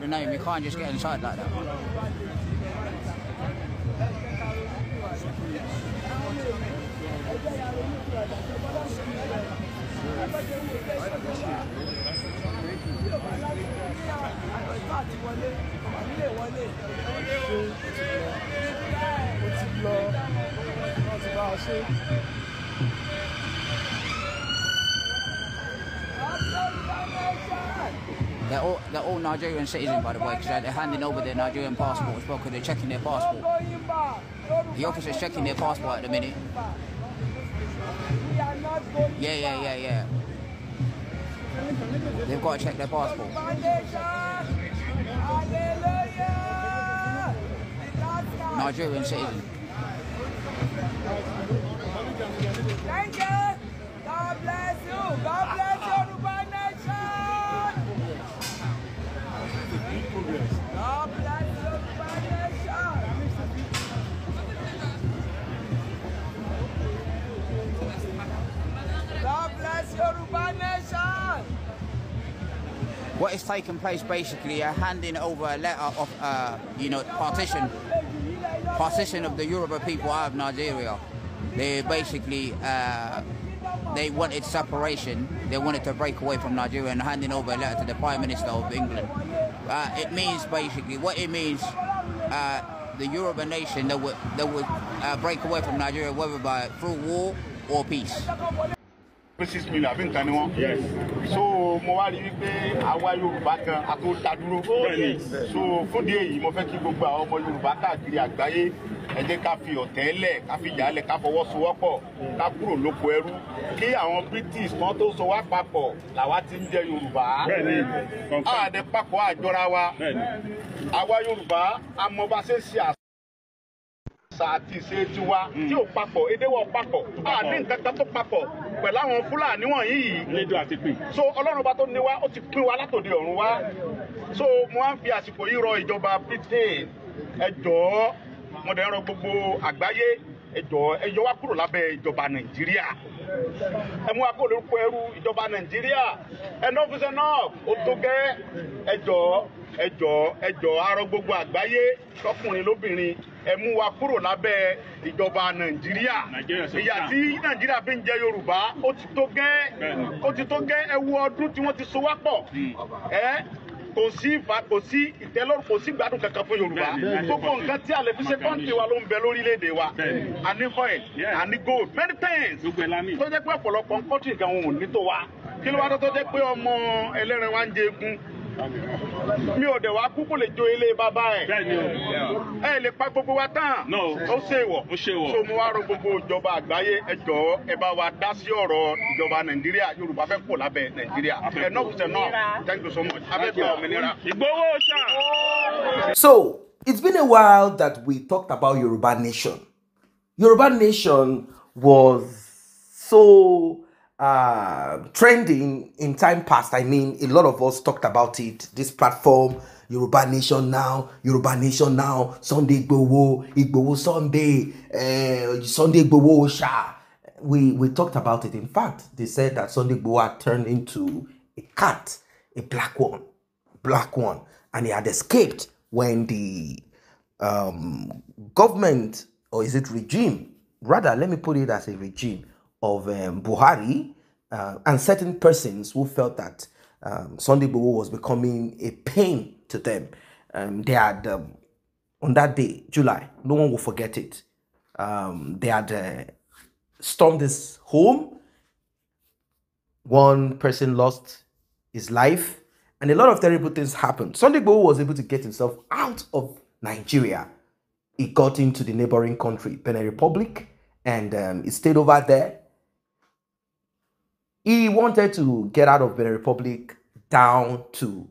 the name, you can't just get inside like that. Thank you. They're all, they're all Nigerian citizens, by the way, because they're handing over their Nigerian passport as well, because they're checking their passport. The officer's checking their passport at the minute. Yeah, yeah, yeah, yeah. They've got to check their passport. Nigerian citizen. Thank you. God bless you. God bless you. is taking place basically a uh, handing over a letter of, uh, you know, partition, partition of the Yoruba people out of Nigeria. They basically, uh, they wanted separation. They wanted to break away from Nigeria and handing over a letter to the Prime Minister of England. Uh, it means basically, what it means, uh, the Yoruba nation that would, that would uh, break away from Nigeria, whether by through war or peace. six million àbí nǹkan ni wọn. so mo wá rí wípé àwa yorùbá kan a tó dá dúró. Oh, so fúndì èyí mo fẹ́ kí gbogbo àwọn ọmọ yorùbá káàkiri àgbáyé ẹ jẹ́ ká fi ọ̀tẹ̀ lẹ̀ ká fi ìjà lẹ̀ ká fọwọ́sowọ́pọ̀ ká kúrò lóko ẹrú kí àwọn british kan tó so wá papọ̀ làwa ti ń jẹ yorùbá àdẹ papọ̀ àjọra wa àwa yorùbá amọ̀báṣẹ́ṣe àṣà àti ìṣe tiwa hmm. tí ò papọ̀ èdè wọ̀ papọ̀ àdé nǹkan kan tó papọ̀ pẹ̀lú àwọn fúlàní wọ̀nyí yìí. lédo àti pè. so ọlọ́run bá tó ní wá ó ti pín wa látòdì ọ̀run wá so mo wá ń fi àsìkò yìí rọ ìjọba Britain ẹ jọ̀ọ́ mo dẹ̀ ń rọ gbogbo àgbáyé ẹ jọ̀ọ́ ẹ yọ wá kúrò lábẹ́ ìjọba nàìjíríà ẹ mú wa kó lórúkọ ẹrú ìjọba nàìjíríà enough is enough ó tó gẹ́ ẹ jọ̀ọ́ ẹ jọ̀ọ́ ẹ jọ̀ọ́ arọ gbogbo àgbáyé tọkùnrin lóbìnrin ẹ mú wa kúrò lábẹ́ ìjọba nàìjíríà ìyà tí nàìjíríà fi ń jẹ yorùbá ó ti tó gẹ́ ó ti tó gẹ́ ẹ wo ọdún tí wọ́n ti so wá pọ̀ hmm. ẹ kò sí ìfà kò sí ìtẹ́lọ́rùn kò sí ìgbádùn kankan fún yorùbá gbogbo nǹkan tí a fi ṣe kọ́ńtì wa ló ń bẹ lórílẹ̀‐èdè wa a oil a gold many things tó jẹ́ pé ọ̀pọ̀lọpọ̀ ń kọ́tù ìgbà wọn ò ní tó wa kí ló wá tó tó jẹ́ pé ọmọ ẹlẹ́rìn wa ń jẹ egun mi ò dẹ̀ wá kú kò lè jo ilé bàbá ẹ̀. ẹ lè pa gbogbo wa tán. ó ṣe wọ̀. so mo wá rọ gbogbo ìjọba àgbáyé ẹ jọ̀ọ́ ẹ bá wa dá sí ọ̀rọ̀ ìjọba nàìjíríà yorùbá fẹ́ pọ̀ lábẹ́ nàìjíríà. ẹ náà kùsẹ̀ náà thank you so much. abẹ́ gba òmìnira. ìgbowó ṣá. so it's been a while that we talked about Yoruba Nation. Yoruba Nation was so Uh, trending in time past. I mean, a lot of us talked about it. This platform, Yoruba Nation Now, Yoruba Nation Now, Sunday Igbowo, Igbowo Sunday, uh, Sunday Igbowo Osha. We, we talked about it. In fact, they said that Sunday Igbowo had turned into a cat, a black one, black one, and he had escaped when the um, government, or is it regime? Rather, let me put it as a regime of um, Buhari uh, and certain persons who felt that um, Sunday Bowo was becoming a pain to them. Um, they had, um, on that day, July, no one will forget it, um, they had uh, stormed his home. One person lost his life, and a lot of terrible things happened. Sunday Bowo was able to get himself out of Nigeria. He got into the neighboring country, Benin Republic, and um, he stayed over there he wanted to get out of Benin Republic down to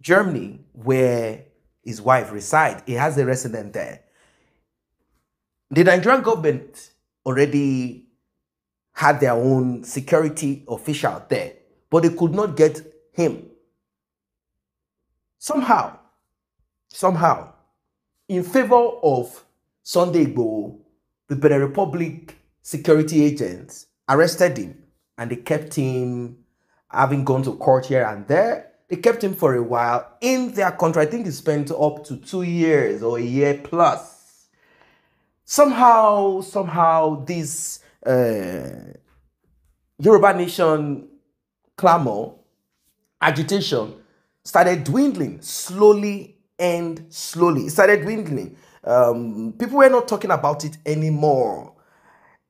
Germany, where his wife resides. He has a residence there. The Nigerian government already had their own security official there, but they could not get him. Somehow, somehow, in favor of Sunday Igbo, the Benin Republic security agents arrested him and they kept him, having gone to court here and there. They kept him for a while in their country. I think he spent up to two years or a year plus. Somehow, somehow, this uh, Yoruba nation clamor, agitation started dwindling slowly and slowly. It started dwindling. Um, people were not talking about it anymore.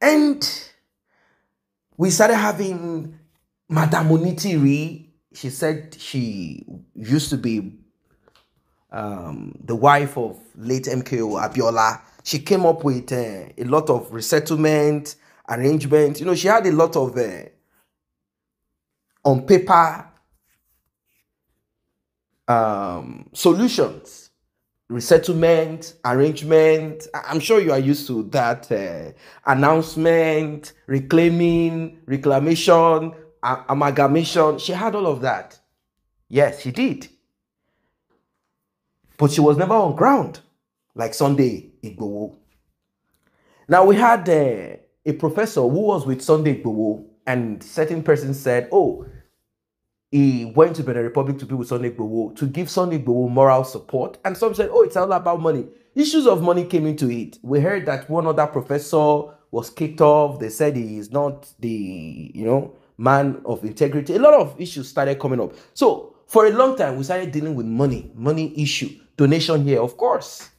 And we started having Madame Onitiri. She said she used to be um, the wife of late MKO Abiola. She came up with uh, a lot of resettlement arrangements. You know, she had a lot of uh, on paper um, solutions resettlement arrangement i'm sure you are used to that uh, announcement reclaiming reclamation uh, amalgamation she had all of that yes she did but she was never on ground like sunday igbowo now we had uh, a professor who was with sunday igbowo and certain person said oh he went to Benin Republic to be with Sonny Igbowo to give Sonny Igbowo moral support. And some said, oh, it's all about money. Issues of money came into it. We heard that one other professor was kicked off. They said he is not the, you know, man of integrity. A lot of issues started coming up. So for a long time, we started dealing with money, money issue, donation here, of course.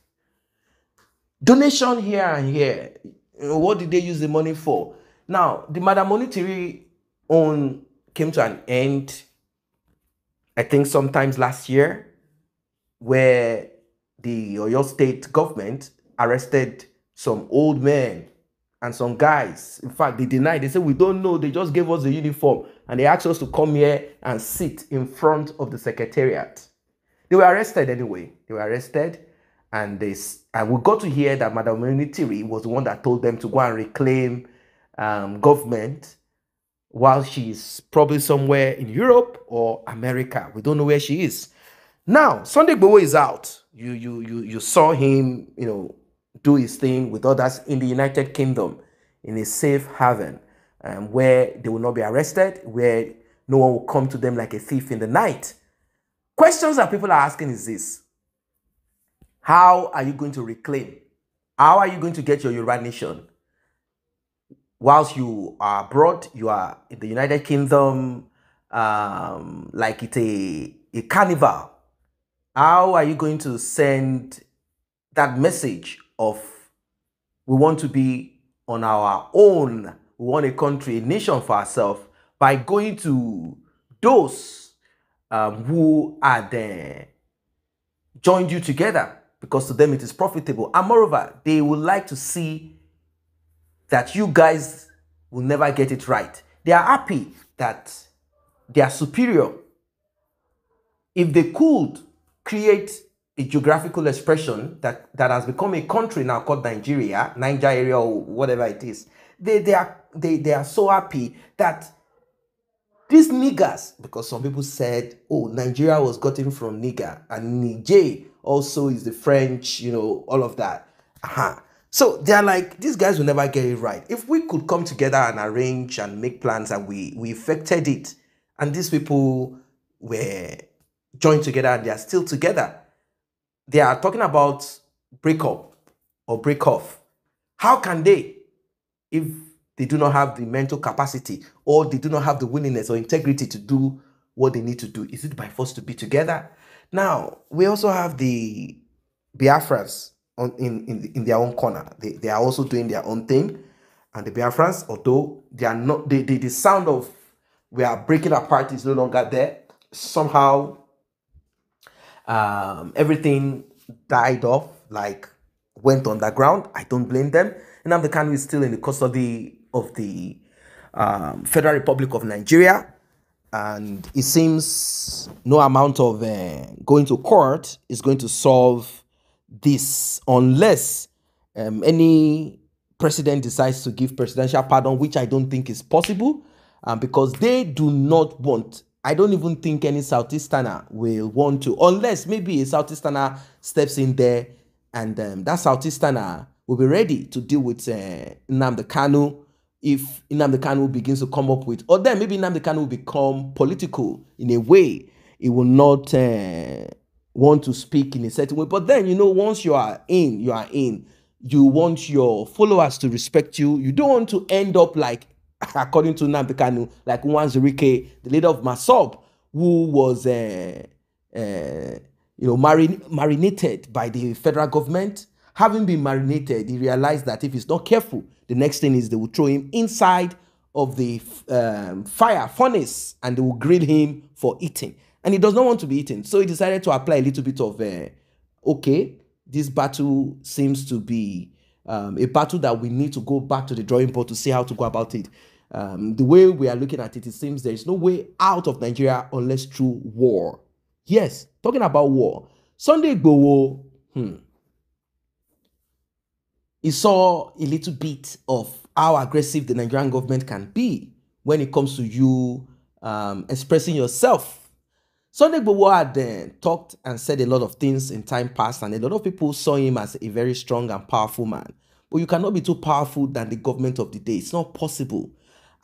Donation here and here. What did they use the money for? Now, the Madam Monetary own came to an end I think sometimes last year, where the Oyo State government arrested some old men and some guys. In fact, they denied. They said, We don't know. They just gave us the uniform and they asked us to come here and sit in front of the secretariat. They were arrested anyway. They were arrested. And, they, and we got to hear that Madam Unitiri was the one that told them to go and reclaim um, government while she's probably somewhere in Europe or America. We don't know where she is. Now, Sunday Bowo is out. You, you, you, you saw him, you know, do his thing with others in the United Kingdom in a safe haven um, where they will not be arrested, where no one will come to them like a thief in the night. Questions that people are asking is this How are you going to reclaim? How are you going to get your Yoruba nation? whilst you are abroad, you are in the United Kingdom, um, like it's a, a carnival. How are you going to send that message of we want to be on our own, we want a country, a nation for ourselves by going to those um, who are there, joined you together because to them it is profitable. And moreover, they would like to see that you guys will never get it right. They are happy that they are superior. If they could create a geographical expression that, that has become a country now called Nigeria, Niger area or whatever it is, they, they, are, they, they are so happy that these niggers, because some people said, oh, Nigeria was gotten from nigger and Niger also is the French, you know, all of that. Uh -huh. So they're like, these guys will never get it right. If we could come together and arrange and make plans and we, we effected it, and these people were joined together and they are still together, they are talking about breakup or break off. How can they, if they do not have the mental capacity or they do not have the willingness or integrity to do what they need to do? Is it by force to be together? Now, we also have the Biafras on, in, in, in their own corner. They, they are also doing their own thing. And the Biafrans, although they are not, they, they, the sound of we are breaking apart is no longer there. Somehow, um, everything died off, like went underground. I don't blame them. And the Kanu is still in the custody of the um, Federal Republic of Nigeria. And it seems no amount of uh, going to court is going to solve this unless um, any president decides to give presidential pardon, which I don't think is possible, um, because they do not want. I don't even think any Southeasterner will want to, unless maybe a Southeasterner steps in there, and um, that Southeasterner will be ready to deal with uh, Nnamdi Kanu if Nnamdi Kanu begins to come up with, or then maybe Nnamdi Kanu will become political in a way. It will not. Uh, want to speak in a certain way. But then, you know, once you are in, you are in. You want your followers to respect you. You don't want to end up like, according to Nnamdi Kanu, like Nwanzurike, the leader of Masob, who was, uh, uh, you know, marin marinated by the federal government. Having been marinated, he realized that if he's not careful, the next thing is they will throw him inside of the um, fire furnace and they will grill him for eating. and he does not want to be eaten. So he decided to apply a little bit of, uh, okay, this battle seems to be um, a battle that we need to go back to the drawing board to see how to go about it. Um, the way we are looking at it, it seems there is no way out of Nigeria unless through war. Yes, talking about war. Sunday Igboho, hmm, he saw a little bit of how aggressive the Nigerian government can be when it comes to you um, expressing yourself Sunday Gbowo had uh, talked and said a lot of things in time past, and a lot of people saw him as a very strong and powerful man. But you cannot be too powerful than the government of the day. It's not possible.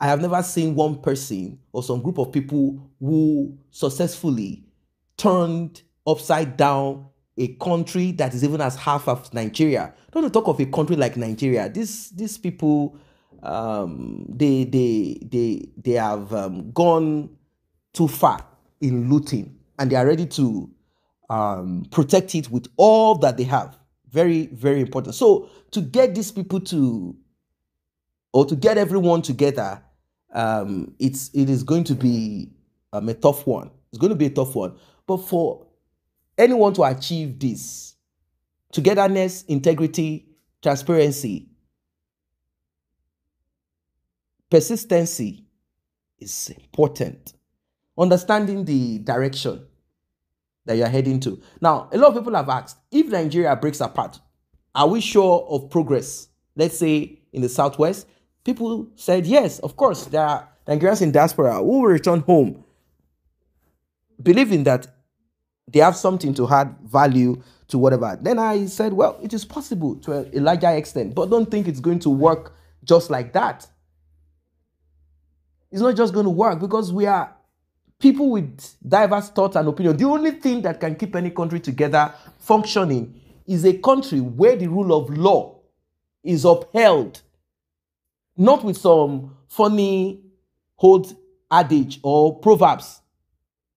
I have never seen one person or some group of people who successfully turned upside down a country that is even as half of Nigeria. Don't talk of a country like Nigeria. These these people, um, they they they they have um, gone too far in looting and they are ready to um, protect it with all that they have. Very, very important. So, to get these people to, or to get everyone together, um, it's it is going to be um, a tough one. It's going to be a tough one. But for anyone to achieve this, togetherness, integrity, transparency, persistency is important understanding the direction that you're heading to. Now, a lot of people have asked if Nigeria breaks apart, are we sure of progress? Let's say in the southwest, people said yes, of course, there are Nigerians in diaspora who will return home, believing that they have something to add value to whatever. Then I said, well, it is possible to a, a larger extent, but don't think it's going to work just like that. It's not just going to work because we are people with diverse thoughts and opinions. The only thing that can keep any country together functioning is a country where the rule of law is upheld, not with some funny old adage or proverbs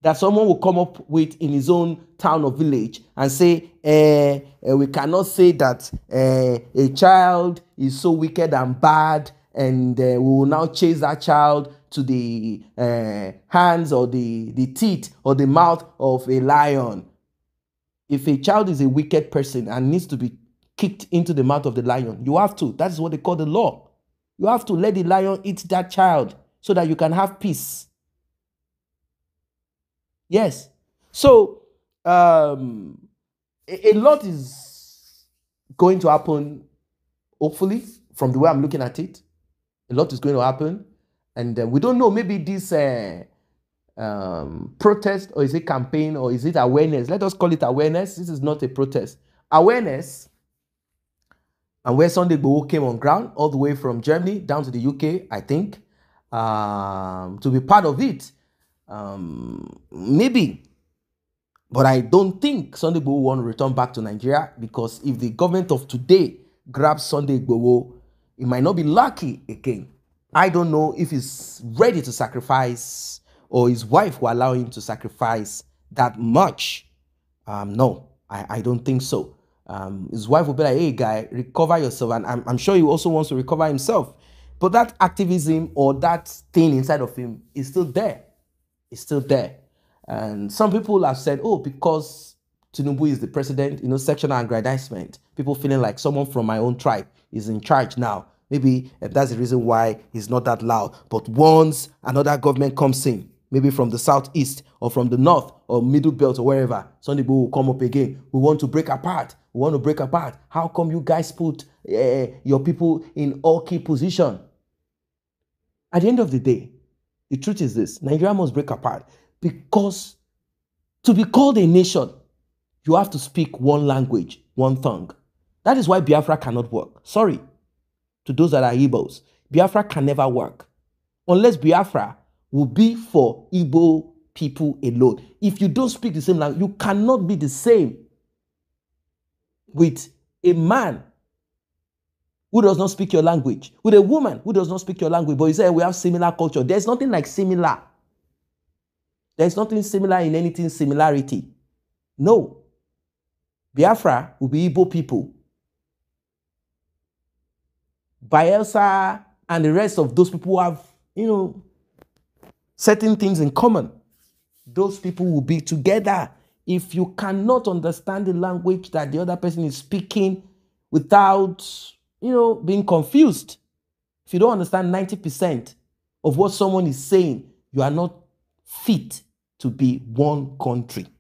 that someone will come up with in his own town or village and say, eh, eh, we cannot say that eh, a child is so wicked and bad and eh, we will now chase that child to the uh, hands or the, the teeth or the mouth of a lion. If a child is a wicked person and needs to be kicked into the mouth of the lion, you have to. That is what they call the law. You have to let the lion eat that child so that you can have peace. Yes. So, um, a, a lot is going to happen, hopefully, from the way I'm looking at it. A lot is going to happen and uh, we don't know, maybe this uh, um, protest or is it campaign or is it awareness? Let us call it awareness. This is not a protest. Awareness, and where Sunday Igboho came on ground all the way from Germany down to the UK, I think, um, to be part of it. Um, maybe. But I don't think Sunday Igboho won't return back to Nigeria because if the government of today grabs Sunday Igboho, it might not be lucky again. I don't know if he's ready to sacrifice or his wife will allow him to sacrifice that much. Um, no, I, I don't think so. Um, his wife will be like, hey, guy, recover yourself. And I'm, I'm sure he also wants to recover himself. But that activism or that thing inside of him is still there. It's still there. And some people have said, oh, because Tinubu is the president, you know, sectional aggrandizement. People feeling like someone from my own tribe is in charge now. Maybe eh, that's the reason why it's not that loud. But once another government comes in, maybe from the southeast or from the north or middle belt or wherever, people will come up again. We want to break apart. We want to break apart. How come you guys put uh, your people in all key position? At the end of the day, the truth is this: Nigeria must break apart because to be called a nation, you have to speak one language, one tongue. That is why Biafra cannot work. Sorry, to those that are Igbos. Biafra can never work unless Biafra will be for Igbo people alone. If you don't speak the same language, you cannot be the same with a man who does not speak your language, with a woman who does not speak your language, but you say we have similar culture. There's nothing like similar. There's nothing similar in anything similarity. No. Biafra will be Igbo people Bielsa and the rest of those people have, you know, certain things in common. Those people will be together. If you cannot understand the language that the other person is speaking without, you know, being confused, if you don't understand 90% of what someone is saying, you are not fit to be one country.